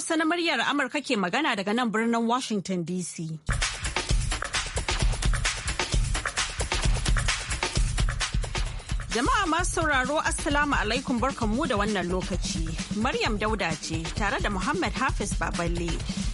Hausa na muryar Amurka ke magana daga nan birnin Washington DC. Jama'a masu sauraro Assalamu alaikum barkanmu da wannan lokaci. Maryam Dauda ce tare da Muhammad Hafiz Baballe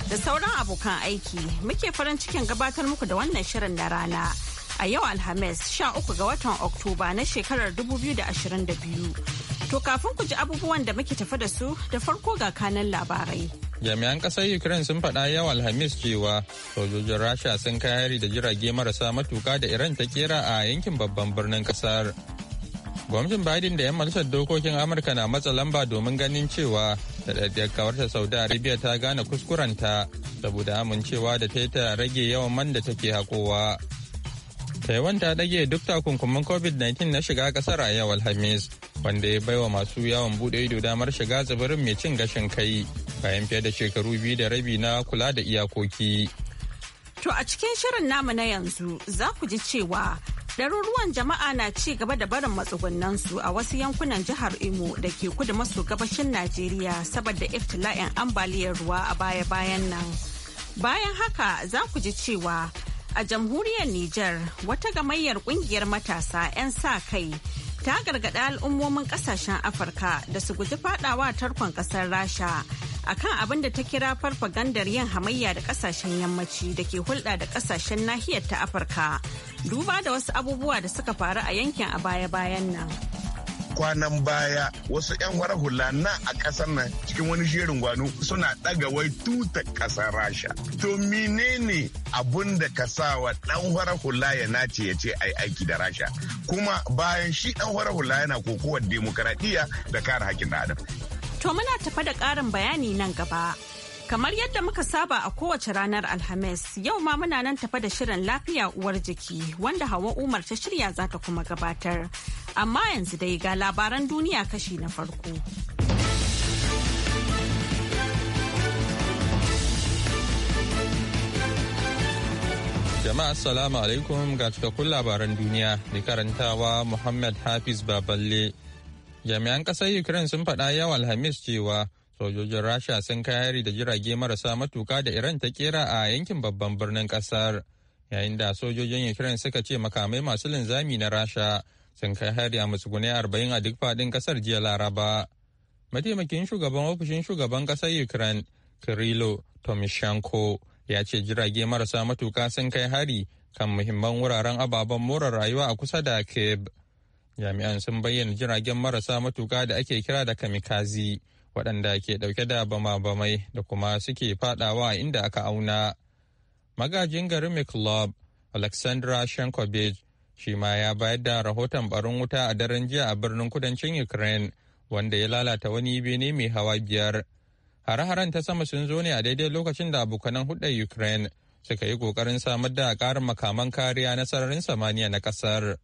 da sauran abokan aiki muke farin cikin gabatar muku da wannan shirin na rana. A yau Alhamis 13 ga watan Oktoba na shekarar 2022. To kafin ku ji abubuwan da muke tafa da su da farko ga kanan labarai. Jami'an ƙasar Ukraine sun faɗa yau Alhamis cewa sojojin Rasha sun kai hari da jirage marasa matuka da Iran ta kera a yankin babban birnin ƙasar. Gwamnatin Biden da 'yan majalisar dokokin Amurka na matsa lamba domin ganin cewa da ɗaɗɗiyar kawarta Saudi Arabia ta gane kuskurenta saboda amincewa da ta yi ta rage yawan man da take hakowa. Taiwan ta ɗage duk takunkumin COVID-19 na shiga ƙasar a yau Alhamis wanda ya baiwa masu yawon bude ido damar shiga tsibirin mai cin gashin kai bayan fiye da shekaru biyu da rabi na kula da iyakoki. To a cikin shirin namu na yanzu za ku ji cewa ɗaruruwan jama'a na ci gaba da barin matsugunan su a wasu yankunan jihar Imo da ke kudu maso gabashin Najeriya saboda iftila'in ambaliyar ruwa a baya-bayan nan. Bayan haka za ku ji cewa a jamhuriyar Nijar wata gamayyar kungiyar matasa 'yan sa kai ta gargaɗi al'ummomin ƙasashen Afirka da su guji fadawa tarkon ƙasar Rasha akan abin da ta kira farfagandar yin hamayya da ƙasashen yammaci da ke hulɗa da ƙasashen nahiyar ta Afirka. Duba da wasu abubuwa da suka faru a yankin a baya-bayan nan. kwanan baya wasu 'yan wara hula na a ƙasar nan cikin wani shirin gwanu suna ɗaga wai tuta ƙasar rasha to menene abun da ka wa ɗan wara hula ya nace ya ce ai aiki da rasha kuma bayan shi ɗan wara hula yana kokowar demokaradiyya da kare da adam to muna tafa da ƙarin bayani nan gaba Kamar yadda muka saba a kowace ranar Alhamis, yau ma muna nan tafa da shirin lafiya uwar jiki wanda Hawa Umar ta shirya za ta kuma gabatar. amma yanzu dai ga labaran duniya kashi na farko. Jama'a as-salamu alaikum ga cikakkun labaran duniya da karantawa Muhammad Hafiz Baballe. Jami'an ƙasar Ukraine sun faɗa yau Alhamis cewa sojojin Rasha sun kai hari da jirage marasa matuka da Iran ta kera a yankin babban birnin ƙasar. Yayin da sojojin Ukraine suka ce makamai masu linzami na Rasha sun kai hari a musgune arba'in a duk fadin kasar jiya laraba mataimakin shugaban ofishin shugaban ƙasar ukraine kirilo tomishenko ya ce jirage marasa matuka sun kai hari kan muhimman wuraren ababen more rayuwa a kusa da keb jami'an sun bayyana jiragen marasa matuka da ake kira da kamikazi waɗanda ke ɗauke da bama-bamai da kuma suke fadawa inda aka auna magajin garin club alexandra shankovich shi ma ya bayar da rahoton barin wuta a daren jiya a birnin kudancin ukraine wanda ya lalata wani bene mai hawa biyar hare-haren ta sama sun zo ne a daidai lokacin da abokanan hudar ukraine suka yi kokarin samar da karin makaman kariya na sararin samaniya na kasar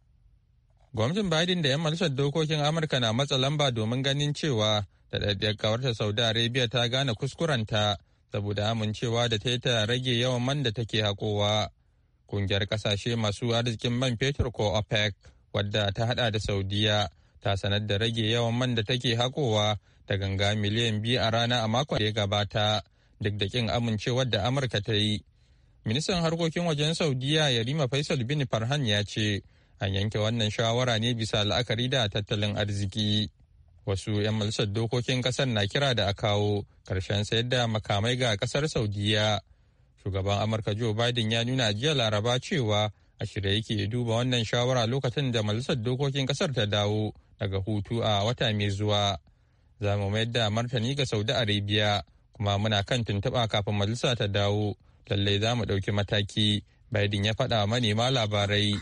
gwamnatin biden da ya majalisar dokokin amurka na matsa lamba domin ganin cewa da kawarta saudi arabia ta gane kuskurenta saboda amincewa da ta yi ta rage yawan man da take haƙowa. Kungiyar kasashe masu arzikin man fetur ko OPEC wadda ta hada da Saudiya ta sanar da rage yawan man da take hakowa da ganga miliyan biyu a rana a makon da ya gabata duk da kin amincewar da Amurka ta yi. Ministan harkokin wajen Saudiya Yarima Faisal bin Farhan ya ce an yanke wannan shawara ne bisa la'akari da tattalin arziki. Wasu 'yan majalisar dokokin kasar na kira da a kawo ƙarshen sayar da makamai ga kasar Saudiya Shugaban Amurka Joe Biden ya nuna jiya Laraba cewa a shirya yake duba wannan shawara lokacin da Majalisar Dokokin Kasar ta dawo daga hutu a wata mai zuwa. Za mu mayar da martani ga Saudi Arabia kuma muna kan tuntuɓa kafin majalisa ta dawo. Lallai za mu ɗauki mataki. Biden ya faɗa manema labarai.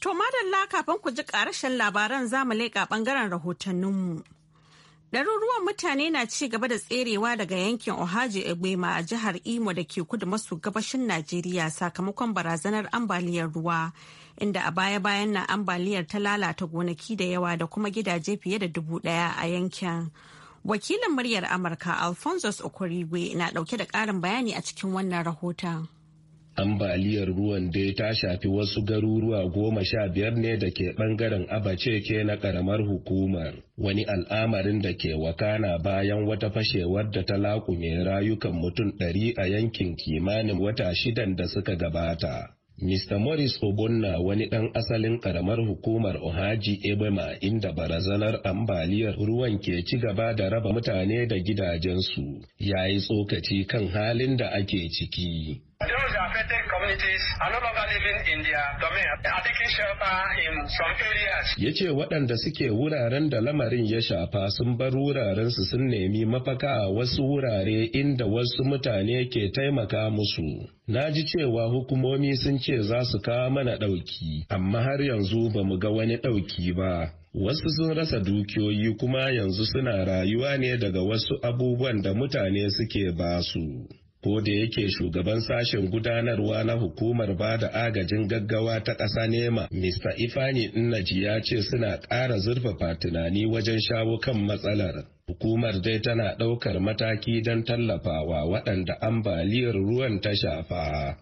To madalla kafin ku ji ƙarashin labaran zamu leƙa ɓangaren rahotanninmu. Ɗaruruwan mutane na ci gaba da tserewa daga yankin Ohaji Egbema a jihar Imo da ke kudu maso gabashin Najeriya sakamakon barazanar ambaliyar ruwa, inda a baya-bayan na ambaliyar ta lalata gonaki da yawa da kuma gidaje fiye da dubu ɗaya a yankin. Wakilin muryar Amurka Alphonsus Okorigwe na ɗauke da ƙarin bayani a cikin wannan rahoton. ambaliyar ruwan dai ta shafi wasu garuruwa goma sha biyar ne da ke bangaren ke na karamar hukumar wani al'amarin da ke wakana bayan wata fashewar da ta laƙume rayukan mutum ɗari a yankin kimanin wata shidan da suka gabata Mr. Morris Ogunna wani ɗan asalin ƙaramar hukumar Ohaji Ebema inda barazanar ambaliyar ruwan ke ci gaba da raba mutane da gidajensu ya yi tsokaci kan halin da ake ciki. affected communities are no longer living in their domain are taking in some areas. Ya waɗanda suke wuraren da lamarin ya shafa sun bar wuraren su sun nemi mafaka a wasu wurare inda wasu mutane ke taimaka musu. Na ji cewa hukumomi sun ce za su kawo mana ɗauki, amma har yanzu ba mu ga wani ɗauki ba. Wasu sun rasa dukiyoyi kuma yanzu suna rayuwa ne daga wasu abubuwan da mutane suke basu. ko da yake shugaban sashen gudanarwa na hukumar ba da agajin gaggawa ta ƙasa nema mr ifani innaji ya ce suna ƙara zurfafa tunani wajen shawo kan matsalar hukumar dai tana ɗaukar mataki don tallafawa waɗanda ambaliyar ruwan ta shafa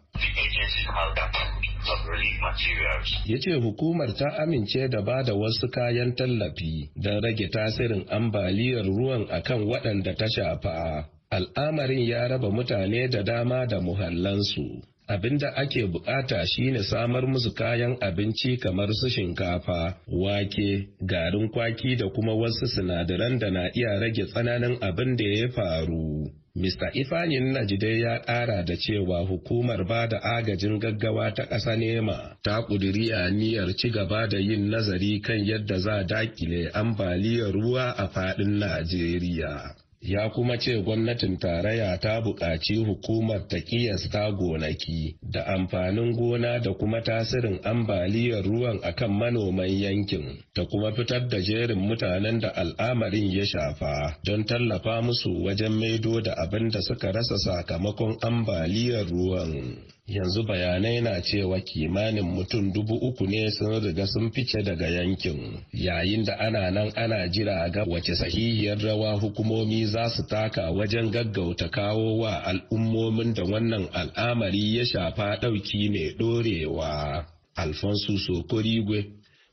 ya ce hukumar ta amince da ba da wasu kayan tallafi don rage tasirin ambaliyar ruwan akan waɗanda ta shafa al'amarin ya raba mutane da dama da muhallansu. Abin da ake bukata shine samar musu kayan abinci kamar su shinkafa, wake, garin kwaki da kuma wasu sinadaran da na iya rage tsananin abin da ya faru. Mr. Ifanin Najide ya ƙara da cewa hukumar ba da agajin gaggawa ta ƙasa nema ta ƙudiri aniyar ci gaba da yin nazari kan yadda za daƙile ambaliyar ruwa a faɗin Najeriya. ya kuma ce gwamnatin tarayya ta buƙaci hukumar ta kiyasta gonaki da amfanin gona da kuma tasirin ambaliyar ruwan akan manoman yankin ta kuma fitar da jerin mutanen da al'amarin ya shafa don tallafa musu wajen maido da abin da suka rasa sakamakon ambaliyar ruwan. yanzu bayanai na cewa kimanin mutum dubu uku ne sun riga sun fice daga yankin yayin da ana nan ana jira ga wace sahihiyar rawa hukumomi za su taka wajen gaggauta kawo wa al'ummomin da wannan al'amari ya shafa ɗauki mai ɗorewa alfonso sokorigwe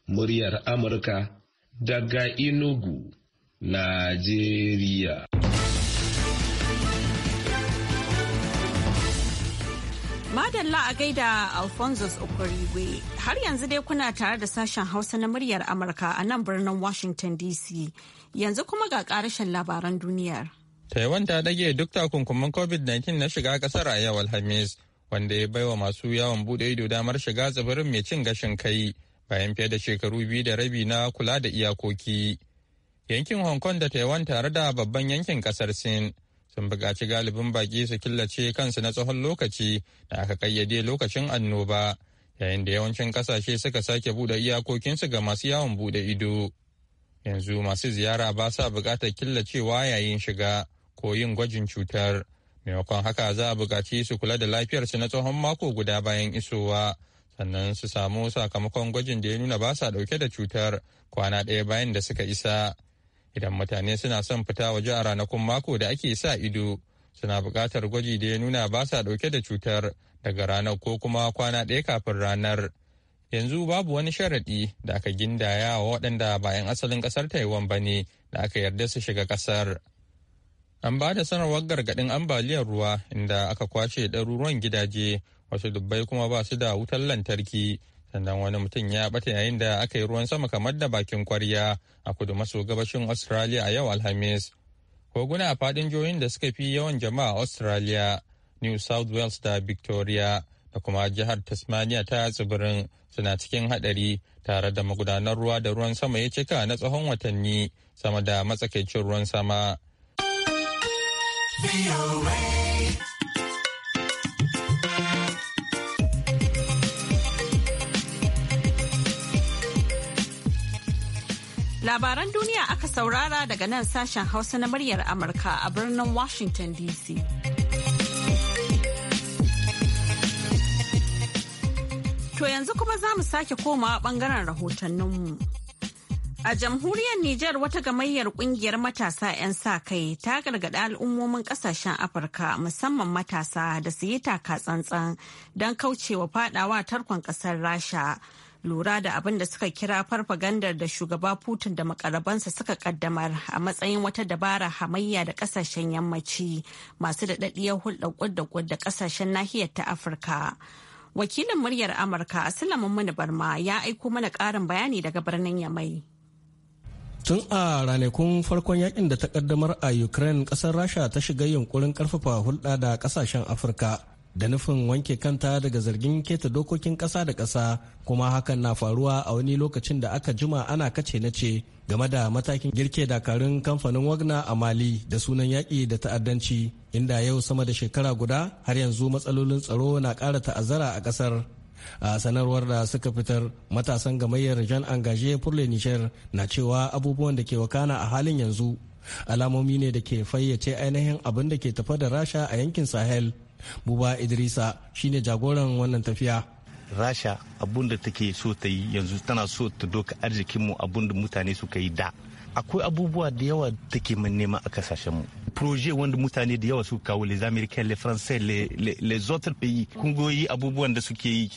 muryar amurka daga inugu najeriya Madalla a gaida Alphonsus Okorigwe har yanzu dai kuna tare da sashen Hausa na muryar Amurka a nan birnin Washington DC yanzu kuma ga karashen labaran duniyar. Taiwan ta dage duk takunkumin COVID-19 na shiga kasar a yau Alhamis wanda ya baiwa masu yawon bude ido damar shiga tsibirin mai cin gashin kai bayan fiye da shekaru biyu da rabi na kula da iyakoki. Yankin Hong Kong da Taiwan tare da babban yankin kasar Sin sun buƙaci galibin baƙi su killace kansu na tsawon lokaci da aka ƙayyade lokacin annoba yayin da yawancin ƙasashe suka sake buɗe iyakokinsu ga masu yawon buɗe ido yanzu masu ziyara ba sa buƙatar killacewa yayin shiga ko yin gwajin cutar maimakon haka za a buƙaci su kula da lafiyarsu na tsawon mako guda bayan isowa sannan su samu sakamakon gwajin da ya nuna ba sa ɗauke da cutar kwana ɗaya bayan da suka isa idan mutane suna son fita waje a ranakun mako da ake sa ido suna buƙatar gwaji da ya nuna ba sa ɗauke da cutar daga ranar ko kuma kwana ɗaya kafin ranar yanzu babu wani sharaɗi da aka gindaya wa waɗanda bayan asalin ƙasar taiwan ba ne da aka yarda su shiga ƙasar an ba da sanarwar gargaɗin ambaliyar ruwa inda aka kwashe ɗaruruwan gidaje wasu dubbai kuma ba su da wutar lantarki sannan wani mutum ya bata yayin da aka yi ruwan sama kamar da bakin kwarya a kudu maso gabashin australia a yau alhamis koguna a fadin jihohin da suka fi yawan jama'a australia new south wales da victoria da kuma jihar tasmania ta tsibirin suna cikin hadari tare da magudanar ruwa da ruwan sama ya cika na tsawon watanni sama da matsakaicin ruwan sama. Labaran duniya aka saurara daga nan sashen Hausa na muryar Amurka a birnin Washington DC. To yanzu kuma za mu sake komawa bangaren rahotanninmu. A jamhuriyar Nijar wata gamayyar kungiyar matasa 'yan sa kai ta gargaɗi al'ummomin ƙasashen Afirka musamman matasa da su yi taka tsantsan don kaucewa fadawa tarkon ƙasar Rasha lura da abin da suka kira farfagandar da shugaba putin da makarabansa suka kaddamar a matsayin wata dabara hamayya da kasashen yammaci masu daɗaɗɗiyar hulɗa da kasashen nahiyar ta afirka wakilin muryar amurka asilamin mini barma ya aiko mana ƙarin bayani daga birnin yamai tun a ranakun farkon yakin da ta kaddamar a ukraine kasar rasha ta shiga yunkurin karfafa hulɗa da kasashen afirka da nufin wanke kanta daga zargin keta dokokin ƙasa da ƙasa kuma hakan na faruwa a wani lokacin da aka jima ana kace na ce game da matakin girke dakarun kamfanin wagna a mali da sunan yaƙi da ta'addanci inda yau sama da shekara guda har yanzu matsalolin tsaro na ƙara ta'azzara a ƙasar a sanarwar da suka fitar matasan gamayyar jan angaje pour nishar na cewa abubuwan da ke wakana a halin yanzu alamomi ne da ke fayyace ainihin abin da ke tafa da rasha a yankin sahel buba idrisa shine jagoran wannan tafiya rasha abinda take so ta yi yanzu tana so ta doka arzikinmu abinda mutane suka yi da akwai abubuwa da yawa da ke man nema a kasashenmu proje wanda mutane da yawa suka kawo les américains les français les, autres pays kungoyi abubuwan da suke yi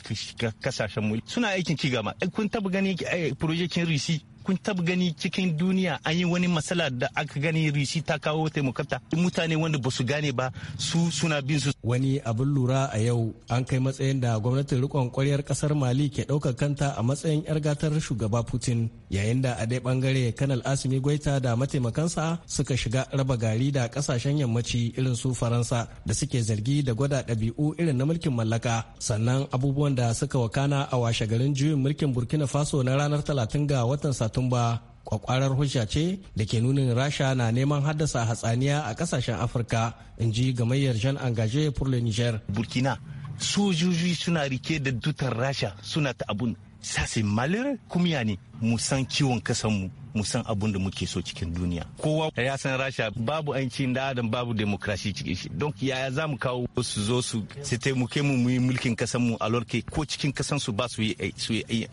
mu. suna aikin ci gama eh, kun taba ganin eh, proje kin risi kun taba gani cikin duniya an yi wani matsala da aka gani rishi ta kawo taimakata mutane wanda ba su gane ba su suna bin su wani abin lura a yau an kai matsayin da gwamnatin rikon kwaryar kasar mali ke ɗaukar kanta a matsayin 'yar gatar shugaba putin yayin da a dai bangare kanal asimi gwaita da mataimakansa suka shiga raba gari da kasashen yammaci irin su faransa da suke zargi da gwada ɗabi'u irin na mulkin mallaka sannan abubuwan da suka wakana a washe garin juyin mulkin burkina faso na ranar talatin ga watan satumba kwakwarar hujja ce da ke nunin rasha na neman haddasa hatsaniya a kasashen afirka in ji gamayyar jean engage pour le niger burkina sojoji suna rike da dutar rasha suna ta abun ça malin kumya ne mu san kiwon kasanmu mu san abun da muke so cikin duniya kowa ya san rasha babu yanci da adam babu demokrasi cikin shi don yaya za mu kawo su zo su su taimake mu muyi mulkin kasan mu alorke ko cikin kasan su ba su yi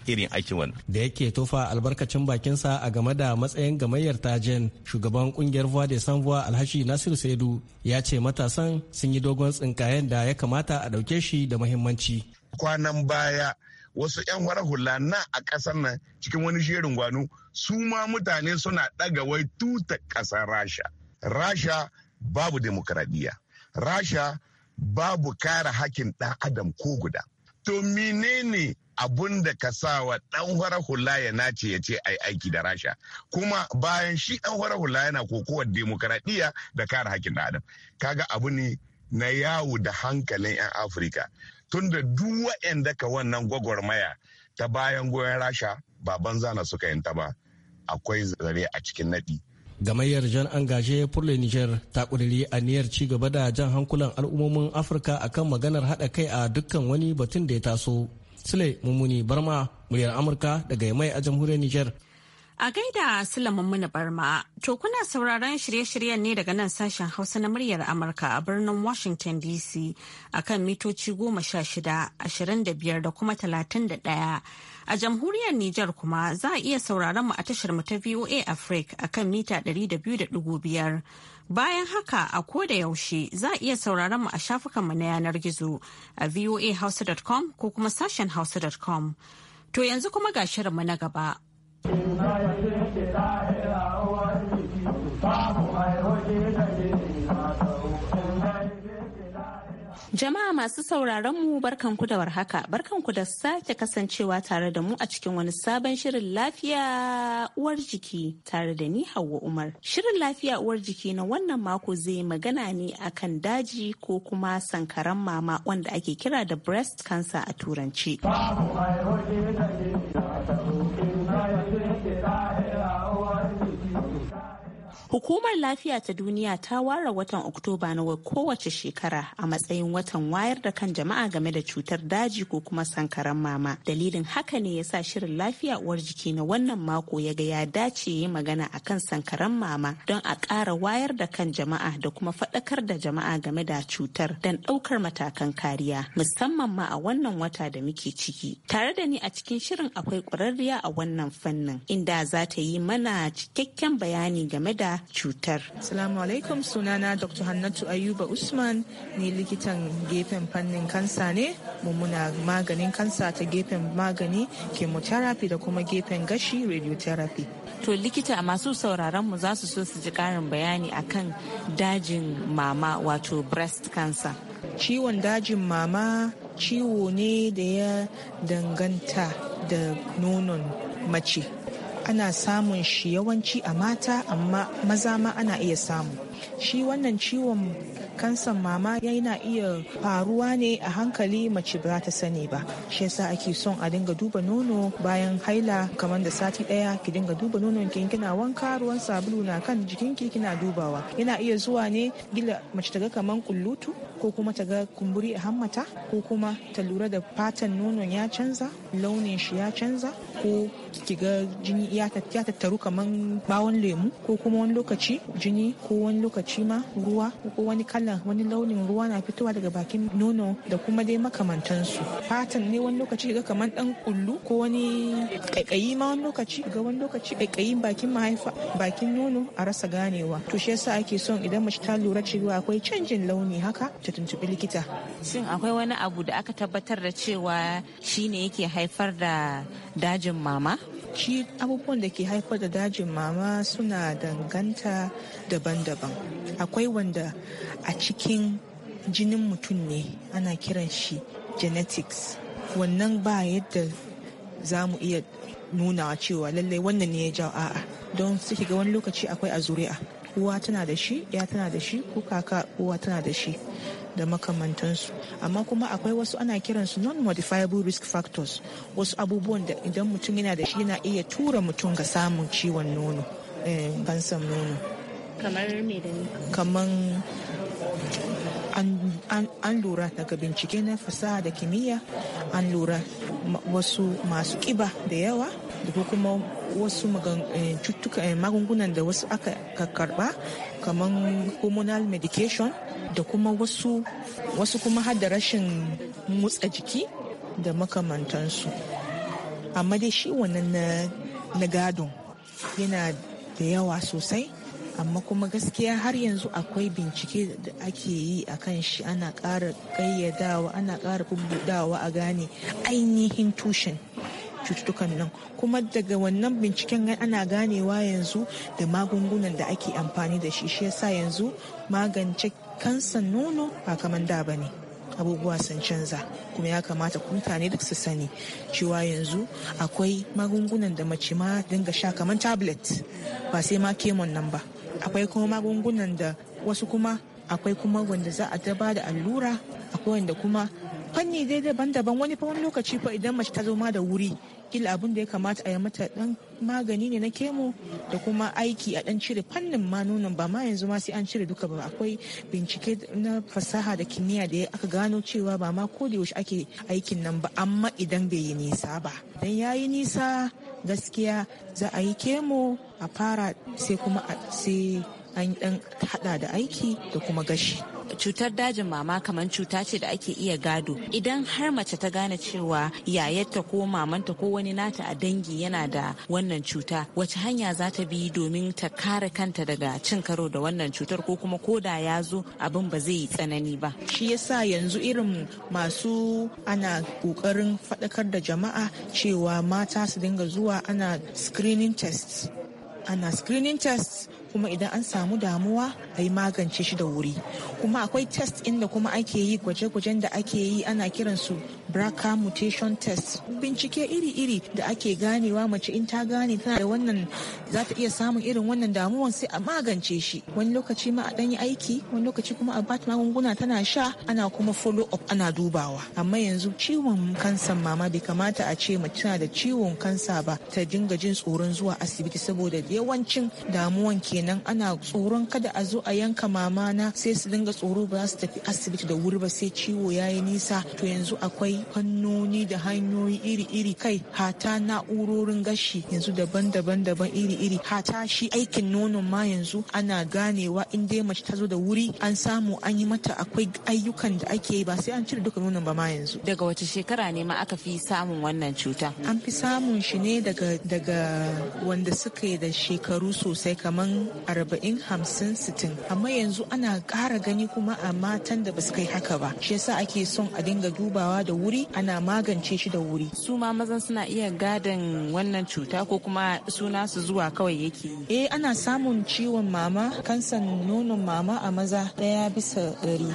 irin aikin wannan da yake tofa albarkacin bakinsa a game da matsayin gamayyar tajen shugaban kungiyar vuwa de san vuwa alhashi nasir saidu ya ce matasan sun yi dogon tsinkayen da ya kamata a dauke shi da muhimmanci kwanan baya wasu 'yan wara hula na a ƙasar nan cikin wani shirin gwanu su ma mutane suna ɗaga wai tuta ƙasar rasha rasha babu demokradiyya rasha babu kare hakin ɗan adam ko guda to menene abun da ka sa wa ɗan wara hula ya nace ya ce ai aiki da rasha kuma bayan shi ɗan wara hula yana kokowar demokradiyya da kare hakin ɗan adam kaga abu ne na yawo da hankalin 'yan afirka tunda duk waɗanda ka wannan gwagwarmaya ta bayan goyon rasha ba banza na suka yanta ba akwai zare a cikin naɗi. gamayyar jan an gaje furle niger ta ƙudiri aniyar ci gaba da jan hankulan al'ummomin afirka akan maganar haɗa kai a dukkan wani batun da ya taso sule mummuni barma muryar amurka daga mai a jamhuriyar niger A gaida Sulaiman Muni Barma, to kuna sauraron shirye-shiryen ne daga nan sashen Hausa na muryar Amurka a birnin Washington DC a kan mitoci goma sha shida, ashirin da biyar da kuma talatin da ɗaya. A jamhuriyar Nijar kuma za a iya sauraron mu a tashar mu ta VOA Africa a kan mita ɗari da biyu da ɗigo biyar. Bayan haka a ko da yaushe za a iya sauraron mu a shafukan mu na yanar gizo a voahausa.com ko kuma sashen hausa.com. To yanzu kuma ga shirinmu na gaba. Jama'a masu sauraron mu barkanku da warhaka, barkanku da sake kasancewa tare da mu a cikin wani sabon shirin lafiya uwar jiki tare da ni Hauwa Umar. Shirin lafiya uwar jiki na wannan mako zai magana ne akan daji ko kuma sankaran mama wanda ake kira da breast cancer a turanci. Hukumar Lafiya ta Duniya ta ware watan Oktoba na kowace shekara a matsayin watan wayar da kan jama'a game da cutar daji ko kuma sankaran mama. Dalilin haka ne ya sa shirin lafiya uwar jiki na wannan mako ya ga ya dace yi magana a kan sankaran mama don a ƙara wayar da kan jama'a da kuma faɗakar da jama'a game da cutar don ɗaukar matakan kariya musamman ma a wannan wata da muke ciki. Tare da ni a cikin shirin akwai ƙwararriya a wannan fannin inda za ta yi mana cikakken bayani game da cutar. Salamu alaikum sunana Dr. Hannatu Ayuba Usman ne likitan gefen fannin kansa ne mummuna maganin kansa ta gefen magani chemotherapy da kuma gefen gashi radiotherapy. To likita a masu sauraron mu za su so su ji karin bayani akan dajin mama wato breast cancer. Ciwon dajin mama ciwo ne da ya danganta da nonon mace ana samun shi yawanci a mata amma maza ma ana iya samu shi wannan ciwon kansan mama yana iya faruwa ne a hankali mace ba ta sani ba shi yasa ake son a dinga duba nono bayan haila kamar da sati daya ki dinga duba nonon ki kina wanka ruwan sabulu na kan jikinki kina dubawa yana iya zuwa ne gila mace ta ga kamar kullutu ko kuma ta ga kumburi a hammata ko kuma ta lura da fatan nonon ya canza launin shi ya canza ko ki ga jini ya tattaru kamar bawon lemu ko kuma wani lokaci jini ko wani lokaci ma ruwa ko wani kalan wani launin ruwa na fitowa daga bakin nono da kuma dai makamantansu fatan ne wani lokaci ga kamar dan kullu ko wani kaikayi ma wani lokaci ga wani lokaci kaikayin bakin mahaifa bakin nono a rasa ganewa to shi yasa ake son idan mace ta lura cewa akwai canjin launi haka ta tuntubi likita shin akwai wani abu da aka tabbatar da cewa shine yake haifar da dajin mama shi abubuwan da ke haifar da dajin mama suna danganta daban-daban akwai wanda a cikin jinin mutum ne ana kiran shi genetics wannan ba yadda za mu iya nunawa cewa lallai wannan ne ya jawo a'a don su ga wani lokaci akwai a zuri'a uwa tana da shi ya tana da shi ko kaka uwa tana da shi da makamantansu amma kuma akwai wasu ana kiransu non-modifiable risk factors wasu abubuwan da idan mutum yana da shi yana iya tura mutum ga samun ciwon nono eh, kansan nono kamar an lura daga bincike na fasaha da kimiyya an lura wasu masu kiba da yawa da kuma wasu eh, eh, magungunan da wasu aka karba kamar hormonal medication da kuma wasu wasu kuma har da rashin motsa jiki da makamantansu amma dai shi wannan na gadon yana da yawa sosai amma kuma gaskiya har yanzu akwai bincike da ake yi a kan shi ana ƙara ƙayyadawa ana ƙara bubbudawa a gane ainihin tushen cututtukan nan kuma daga wannan binciken ana ganewa yanzu da magungunan da ake amfani da shi shi yasa yanzu magance kansan nono ba kamar da ba ne abubuwa sun canza kuma ya kamata mutane duk su sani cewa yanzu akwai magungunan da mace ma dinga sha kamar tablet ba sai ma kemon nan ba akwai kuma magungunan da wasu kuma akwai kuma wanda za a daba da allura akwai wanda kuma fanni dai daban-daban wani fa wani lokaci fa idan mace ta zo ma da wuri kila abin da ya kamata a yi mata dan magani ne na kemo da kuma aiki a dan cire fannin ma nonon ba ma yanzu ma sai an cire duka ba akwai bincike na fasaha da kimiyya da aka gano cewa ba ma ko da yaushe ake aikin nan ba amma idan bai yi nisa ba dan yayi nisa gaskiya za a yi kemo a fara sai kuma sai an dan hada da aiki da kuma gashi cutar dajin mama kamar cuta ce da ake iya gado idan har mace ta gane cewa yayarta ko mamanta ko wani nata a dangi yana da wannan cuta wace hanya za ta bi domin ta kare kanta daga cin karo da wannan cutar ko kuma ko da ya zo abin ba zai yi tsanani ba shi yasa yanzu irin masu ana kokarin faɗakar da jama'a cewa mata su dinga zuwa ana screening test ana screening test kuma idan an samu damuwa a yi magance shi da wuri kuma akwai test inda kuma ake yi gwaje-gwajen da ake yi ana kiransu BRCA mutation test bincike iri-iri da ake ganewa mace in ta gane tana da wannan za ta iya samun irin wannan damuwan sai a magance shi wani lokaci ma a ɗanyi aiki wani lokaci kuma a bata magunguna tana sha ana kuma follow up ana dubawa amma yanzu ciwon kansan mama bai kamata a ce mace tana da ciwon kansa ba ta dinga jin tsoron zuwa asibiti saboda yawancin damuwan kenan ana tsoron kada a zo a yanka mama na sai su dinga tsoro ba za su tafi asibiti da wuri ba sai ciwo ya yi nisa to yanzu akwai fannoni da hanyoyi iri-iri kai hata na'urorin gashi yanzu daban-daban daban iri-iri hata shi aikin nonon ma yanzu ana ganewa in dai mace ta zo da wuri an samu an yi mata akwai ayyukan da ake yi ba sai an cire duka nonon ba ma yanzu daga wace shekara ne ma aka fi samun wannan cuta an fi samun shi ne daga daga wanda suka yi da shekaru sosai kamar arba'in hamsin sitin amma yanzu ana ƙara gani kuma a matan da ba su kai haka ba shi yasa ake son a dinga dubawa da wuri wuri ana magance shi da wuri su ma mazan suna iya gadon wannan cuta ko kuma suna su zuwa kawai yake eh ana samun ciwon mama kansan nonon mama a maza daya bisa ɗari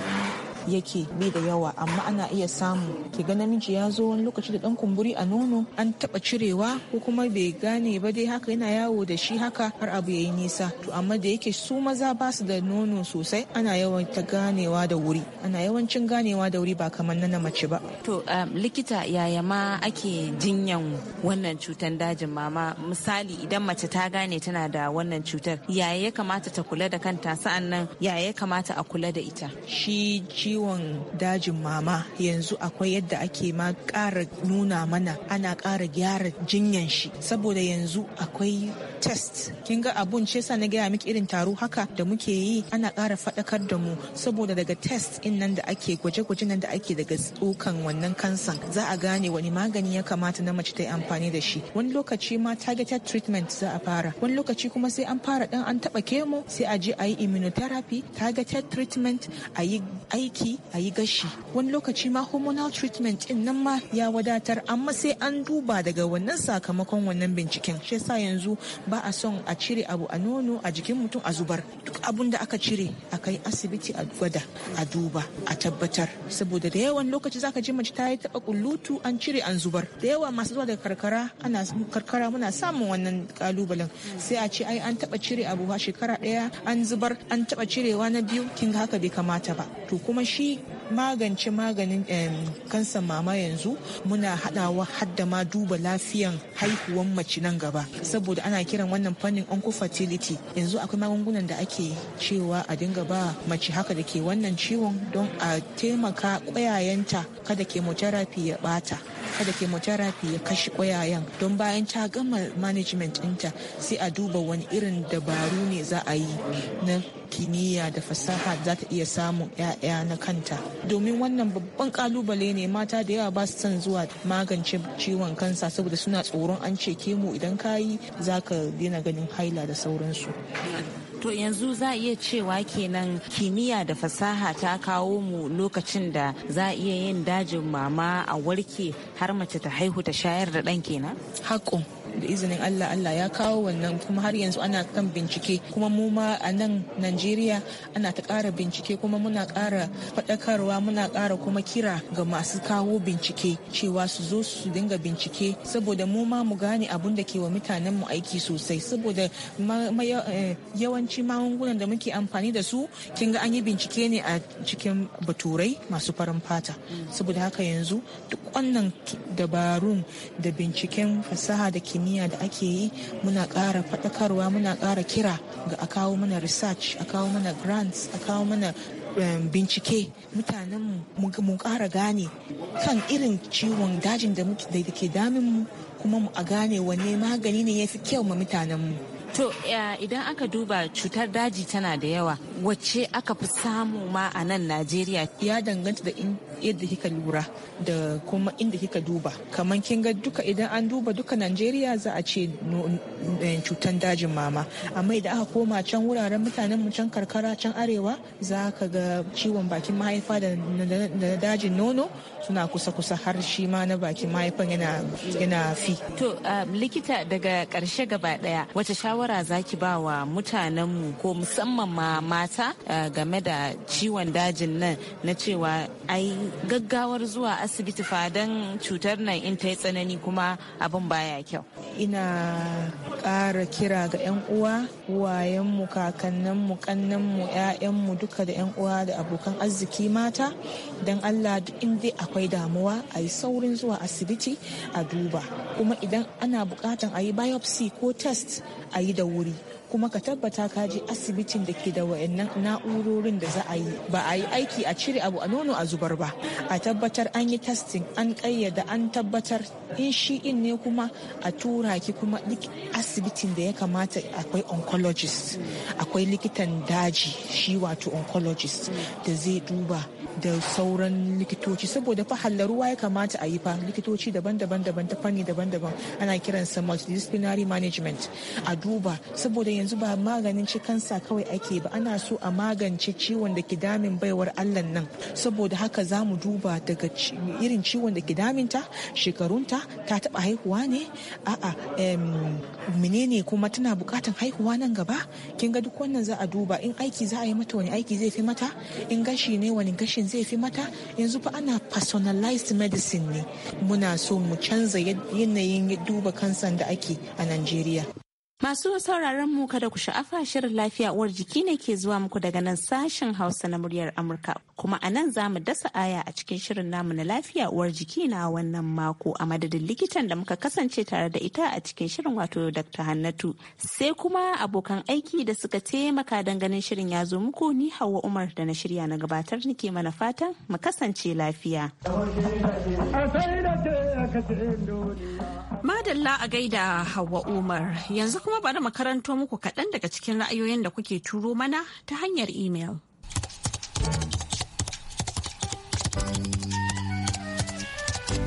yake bai da yawa amma ana iya samu ki ga namiji ya zo wani lokaci da dan kumburi a nono an taba cirewa ko kuma bai gane ba dai haka yana yawo da shi haka har abu yayi nisa to amma da yake su maza ba su da nono sosai ana yawan ta ganewa da wuri ana yawancin ganewa da wuri ba kamar na mace ba to um, likita yaya ma ake jinyan wannan cutan dajin mama misali idan mace ta gane tana da wannan cutar yaya ya kamata ta kula da kanta sa'annan yaya ya kamata a kula da ita shi ciwon dajin mama yanzu akwai yadda ake ma ƙara nuna mana ana kara gyara jinyan shi saboda yanzu akwai test kin ga abun ce sa na gaya miki irin taro haka da muke yi ana kara faɗakar da mu saboda daga test in nan da ake gwaje-gwaje nan da ake daga tsokan wannan kansan za a gane wani magani ya kamata na mace ta yi amfani da shi wani lokaci ma targeted treatment za a fara wani lokaci kuma sai an fara dan an taɓa kemo sai a je a yi immunotherapy targeted treatment a yi aiki wanki a yi gashi wani lokaci ma hormonal treatment din nan ma ya wadatar amma sai an duba daga wannan sakamakon wannan binciken shi yasa yanzu ba a son a cire abu a nono a jikin mutum a zubar duk abun da aka cire a kai asibiti a gwada a duba a tabbatar saboda da yawan lokaci zaka ji mace ta yi taba kullutu an cire an zubar da yawa masu zuwa daga karkara ana karkara muna samun wannan kalubalen sai a ce ai an taba cire abu shekara daya an zubar an taba cirewa na biyu kin haka bai kamata ba to kuma shi magance maganin kansan mama yanzu muna hadawa hadda ma duba lafiyan haihuwan mace nan gaba saboda ana kiran wannan fannin oncofertility yanzu akwai magungunan da ake cewa a dinga ba mace haka da ke wannan ciwon don a taimaka kwayayenta kada chemotherapy ya bata kada chemotherapy ya kashe koyayen don bayan ta gama management ɗinta sai a duba wani irin dabaru ne za a yi na kimiyya da fasaha za ta iya samun 'ya'ya na kanta domin wannan babban kalubale ne mata da yawa ba su son zuwa magance ciwon kansa saboda suna tsoron an ce kemo idan kayi za ka daina ganin haila da sauransu to yanzu za a iya cewa kenan kimiyya da fasaha ta kawo mu lokacin da za a iya yin dajin mama a warke har mace ta haihu ta shayar da ɗan kenan haƙo da izinin Allah Allah ya kawo wannan kuma har yanzu ana kan bincike kuma mu ma a nan Najeriya ana ta ƙara bincike kuma muna kara faɗakarwa muna kara kuma kira ga masu kawo bincike cewa su zo su dinga bincike saboda mu ma mu gane abun da ke wa mutanen mu aiki sosai saboda eh, yawanci magungunan da muke amfani da su kin ga an yi bincike ne a cikin baturai masu farin fata saboda haka yanzu duk wannan dabarun da binciken fasaha da ke. kimiyya da ake yi muna ƙara faɗakarwa muna ƙara kira ga a kawo mana research a kawo mana grants a kawo mana ehm, bincike mutanen mu ƙara gane kan irin ciwon dajin da ke damin mu kuma mu a gane wanne magani ne ya fi kyau ma mutanen mu To idan aka duba cutar daji tana da yawa wacce aka fi samu ma a nan Najeriya. Ya danganta da yadda kika lura da kuma inda kika duba. Kamar kin ga duka idan an duba duka Najeriya za a ce eh, cutar dajin mama. Amma idan aka koma can wuraren mutanen mu can karkara can arewa za ka ga ciwon bakin mahaifa da dajin nono suna kusa-kusa har shi ma na bakin mahaifan yana fi. To um, likita daga ƙarshe gaba ɗaya wace shawara shawara ki ba wa mutanenmu ko musamman ma mata eh, game da ciwon dajin nan na cewa ai gaggawar zuwa asibiti fadan cutar nan in ta yi tsanani kuma abin baya kyau ina ƙara kira ga 'yan uwa uwayenmu kakanninmu kannanmu 'ya'yanmu duka da 'yan uwa da abokan arziki mata don allah duk in dai akwai damuwa a yi saurin zuwa asibiti a duba kuma idan ana bukatan a yi biopsy ko test a yi da wuri kuma ka tabbata ka je asibitin da ke da wayannan na'urorin da za a yi ba a yi aiki a cire abu a nono a zubar ba a tabbatar an yi testing an kayyada an tabbatar in shi in ne kuma a tura ki kuma asibitin da ya kamata akwai oncologist akwai likitan daji shi wato oncologist da zai duba da sauran likitoci saboda fa hallaruwa ya kamata a yi fa likitoci daban-daban daban ta fanni daban-daban ana kiransa multidisciplinary management a duba saboda yanzu ba maganin ci kansa kawai ake ba ana so a magance ciwon da ke damin baiwar allah nan saboda haka za mu duba daga irin ciwon da ke daminta shekarunta ta taba haihuwa ne a'a menene kuma tana bukatan haihuwa nan gaba kin ga duk wannan za a duba in aiki za a yi mata wani aiki zai fi mata in gashi ne wani gashin zai fi mata yanzu fa ana personalized medicine ne muna so mu canza yanayin duba kansan da ake a Najeriya. Masu sauraron mu kada ku sha'afa shirin lafiya uwar jiki ne ke zuwa muku daga nan sashen Hausa na muryar Amurka. kuma a nan za mu dasa aya a cikin shirin namu na lafiya uwar jiki na wannan mako a madadin likitan da muka kasance tare da ita a cikin shirin wato dr hannatu sai kuma abokan aiki da suka taimaka don ganin shirin ya zo muku ni hawa umar da na shirya na gabatar nake mana fatan mu kasance lafiya madalla a gaida hawa umar yanzu kuma bari mu karanto muku kaɗan daga cikin ra'ayoyin da kuke turo mana ta hanyar imel.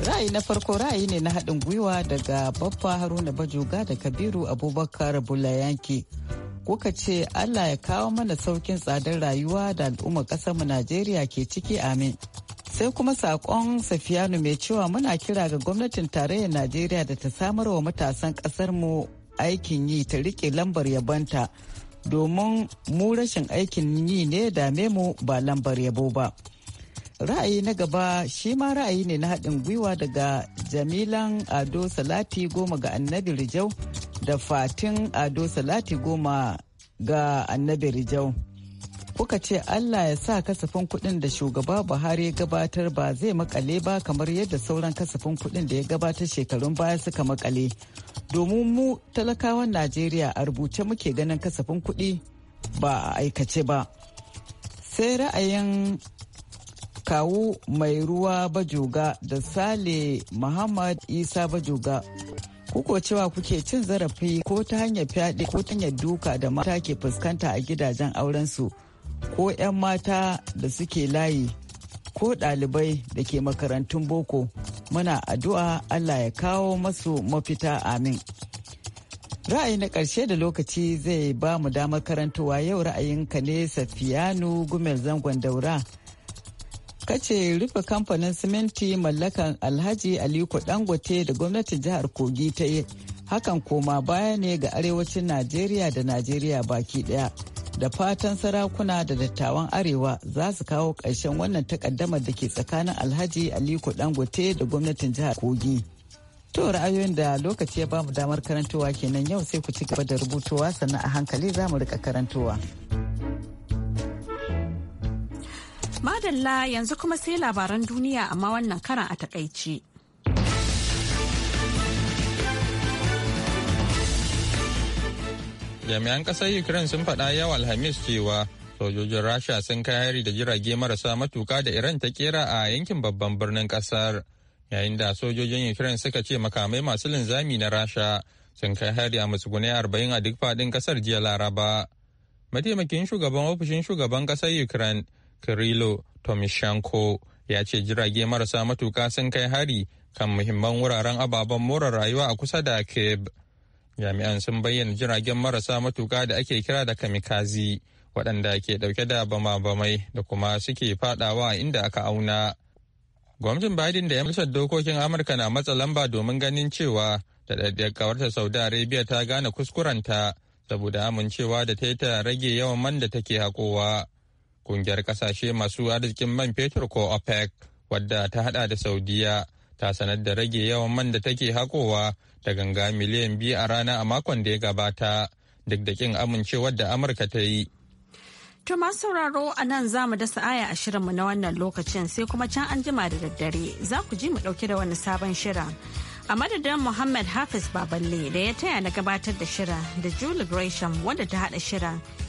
ra'ayi na farko ra'ayi ne na haɗin gwiwa daga baffa haruna bajoga da kabiru abubakar bulayanki kuka ce allah ya kawo mana saukin tsadar rayuwa da al'ummar mu najeriya ke ciki amin sai kuma saƙon safiyanu mai cewa muna kira ga gwamnatin tarayyar najeriya da ta samar wa matasan ƙasar mu aikin yi ta rike lambar yabanta domin mu rashin aikin yi ne dame mu ba lambar yabo ba. ra'ayi na gaba shi ma ra'ayi ne na haɗin gwiwa daga jamilan ado salati goma ga annabi rijau da fatin ado salati goma ga annabi rijau kuka ce allah ya sa kasafin kuɗin da shugaba buhari ya gabatar ba zai makale ba kamar yadda sauran kasafin kuɗin da ya gabatar shekarun baya suka makale domin mu talakawan najeriya a rubuce muke ganin kasafin kuɗi ba a aikace ba sai ra'ayin kawu mai ruwa bajoga da sale muhammad isa bajoga kuko cewa kuke cin zarafi ko ta hanyar fyaɗe ko ta hanyar duka da mata ke fuskanta a gidajen aurensu ko 'yan mata da suke layi ko ɗalibai da ke makarantun boko muna addu'a allah ya kawo masu mafita amin ra'ayi na ƙarshe da lokaci zai ba mu damar karantowa yau ra'ayinka ne safiyanu gumel zangon daura kace rufe kamfanin siminti mallakan alhaji aliko dangote da gwamnatin jihar kogi ta yi hakan koma baya ne ga arewacin najeriya da najeriya baki daya da fatan sarakuna da dattawan arewa za su kawo karshen wannan takaddamar da ke tsakanin alhaji aliko dangote da gwamnatin jihar kogi to ra'ayoyin da lokaci ya bamu damar karantowa kenan yau sai ku ci gaba da rubutuwa sannan a hankali za mu rika karantowa. Madalla yanzu kuma sai labaran duniya amma wannan karan a takaici. Jami'an ƙasar Ukraine sun faɗa yau Alhamis cewa sojojin Rasha sun kai hari da jirage marasa matuka da Iran ta kera a yankin babban birnin ƙasar. Yayin da sojojin Ukraine suka ce makamai masu linzami na Rasha sun kai hari a musgune arba'in a duk faɗin ƙasar jiya Laraba. Mataimakin shugaban ofishin shugaban ƙasar Ukraine Kirilo Tomishenko ya ce jirage marasa matuka sun kai hari kan muhimman wuraren ababen more rayuwa a kusa da Kyiv. Jami'an sun bayyana jiragen marasa matuka da ake kira da kamikazi waɗanda ke ɗauke da bama-bamai da kuma suke fadawa inda aka auna. Gwamnatin Biden da ya dokokin Amurka na matsa lamba domin ganin cewa da kawarta Saudi Arabia ta gane kuskurenta saboda amincewa da ta yi ta rage yawan man da take haƙowa. Kungiyar kasashe masu arzikin man fetur ko OPEC wadda ta hada da Saudiya ta sanar da rage yawan man da take hakowa da ganga miliyan biyu a rana a makon da ya gabata duk da kin amincewar da Amurka ta yi. To masu sauraro a nan za mu dasa aya a shirinmu na wannan lokacin sai kuma can an jima da daddare za ku ji mu dauke da wani sabon shirin. A madadin Muhammad Hafiz Baballe da ya taya na gabatar da shirin da Julie Gresham wanda ta hada shirin